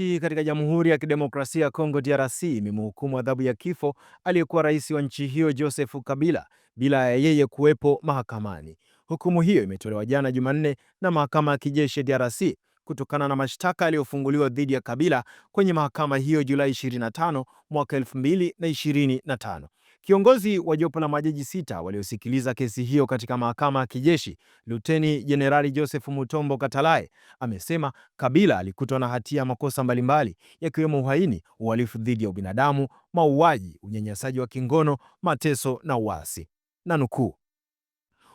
Hii katika Jamhuri ya Kidemokrasia ya Kongo DRC imemhukumu adhabu ya kifo aliyekuwa rais wa nchi hiyo Joseph Kabila bila ya yeye kuwepo mahakamani. Hukumu hiyo imetolewa jana Jumanne na mahakama ya kijeshi ya DRC kutokana na mashtaka yaliyofunguliwa dhidi ya Kabila kwenye mahakama hiyo Julai 25 mwaka 2025. Kiongozi wa jopo la majaji sita waliosikiliza kesi hiyo katika mahakama ya kijeshi, Luteni Jenerali Joseph Mutombo Katalae, amesema Kabila alikutwa na hatia ya makosa mbalimbali yakiwemo uhaini, uhalifu dhidi ya ubinadamu, mauaji, unyanyasaji wa kingono, mateso na uasi. Na nukuu,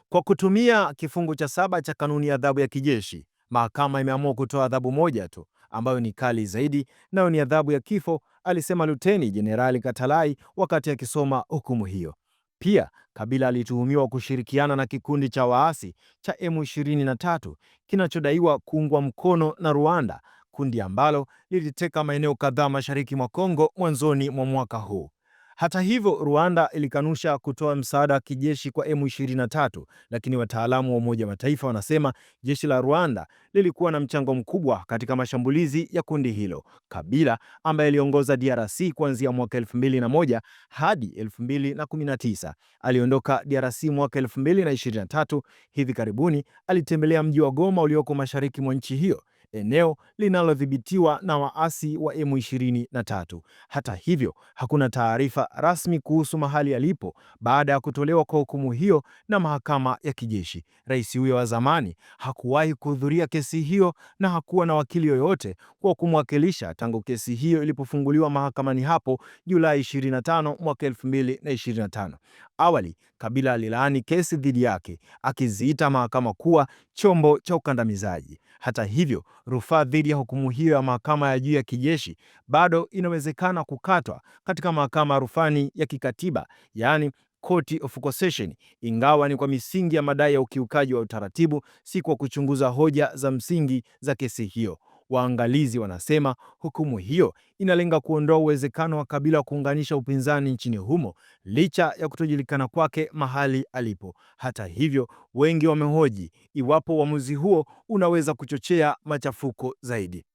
kwa kutumia kifungu cha saba cha kanuni ya adhabu ya kijeshi, mahakama imeamua kutoa adhabu moja tu ambayo ni kali zaidi, nayo ni adhabu ya kifo, alisema Luteni Jenerali Katalai wakati akisoma hukumu hiyo. Pia Kabila alituhumiwa kushirikiana na kikundi cha waasi cha M23 kinachodaiwa kuungwa mkono na Rwanda, kundi ambalo liliteka maeneo kadhaa mashariki mwa Kongo mwanzoni mwa mwaka huu. Hata hivyo, Rwanda ilikanusha kutoa msaada wa kijeshi kwa M23, lakini wataalamu wa Umoja wa Mataifa wanasema jeshi la Rwanda lilikuwa na mchango mkubwa katika mashambulizi ya kundi hilo. Kabila ambaye aliongoza DRC kuanzia mwaka 2001 hadi 2019, aliondoka DRC mwaka 2023. Hivi karibuni alitembelea mji wa Goma ulioko mashariki mwa nchi hiyo eneo linalodhibitiwa na waasi wa M23. Hata hivyo, hakuna taarifa rasmi kuhusu mahali alipo baada ya kutolewa kwa hukumu hiyo na mahakama ya kijeshi. Rais huyo wa zamani hakuwahi kuhudhuria kesi hiyo na hakuwa na wakili yoyote kwa kumwakilisha tangu kesi hiyo ilipofunguliwa mahakamani hapo Julai 25 mwaka 2025. Awali, Kabila alilaani kesi dhidi yake akiziita mahakama kuwa chombo cha ukandamizaji. Hata hivyo, rufaa dhidi ya hukumu hiyo ya mahakama ya juu ya kijeshi bado inawezekana kukatwa katika mahakama ya rufani ya kikatiba, yaani Court of Cassation, ingawa ni kwa misingi ya madai ya ukiukaji wa utaratibu, si kwa kuchunguza hoja za msingi za kesi hiyo. Waangalizi wanasema hukumu hiyo inalenga kuondoa uwezekano wa Kabila kuunganisha upinzani nchini humo licha ya kutojulikana kwake mahali alipo. Hata hivyo, wengi wamehoji iwapo uamuzi huo unaweza kuchochea machafuko zaidi.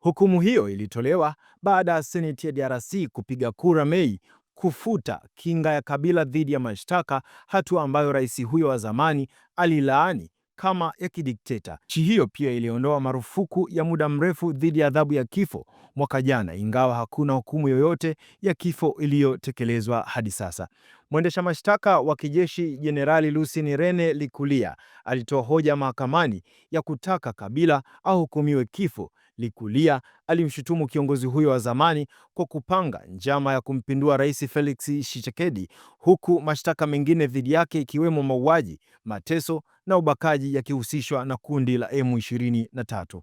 Hukumu hiyo ilitolewa baada ya Seneti ya DRC kupiga kura Mei kufuta kinga ya Kabila dhidi ya mashtaka, hatua ambayo rais huyo wa zamani alilaani kama ya kidikteta. Nchi hiyo pia iliondoa marufuku ya muda mrefu dhidi ya adhabu ya kifo mwaka jana, ingawa hakuna hukumu yoyote ya kifo iliyotekelezwa hadi sasa. Mwendesha mashtaka wa kijeshi Jenerali Rene Likulia alitoa hoja mahakamani ya kutaka Kabila ahukumiwe kifo Likulia alimshutumu kiongozi huyo wa zamani kwa kupanga njama ya kumpindua Rais Felix Tshisekedi, huku mashtaka mengine dhidi yake ikiwemo mauaji, mateso na ubakaji yakihusishwa na kundi la M23.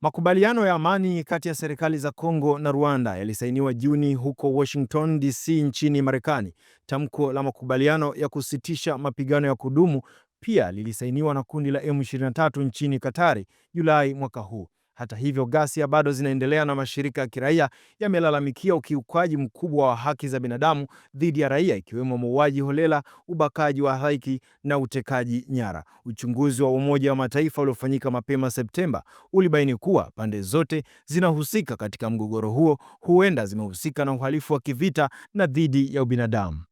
Makubaliano ya amani kati ya serikali za Kongo na Rwanda yalisainiwa Juni huko Washington DC nchini Marekani. Tamko la makubaliano ya kusitisha mapigano ya kudumu pia lilisainiwa na kundi la M23 nchini Katari Julai mwaka huu. Hata hivyo, ghasia bado zinaendelea na mashirika ya kiraia yamelalamikia ukiukaji mkubwa wa haki za binadamu dhidi ya raia, ikiwemo mauaji holela, ubakaji wa halaiki na utekaji nyara. Uchunguzi wa Umoja wa Mataifa uliofanyika mapema Septemba ulibaini kuwa pande zote zinahusika katika mgogoro huo, huenda zimehusika na uhalifu wa kivita na dhidi ya ubinadamu.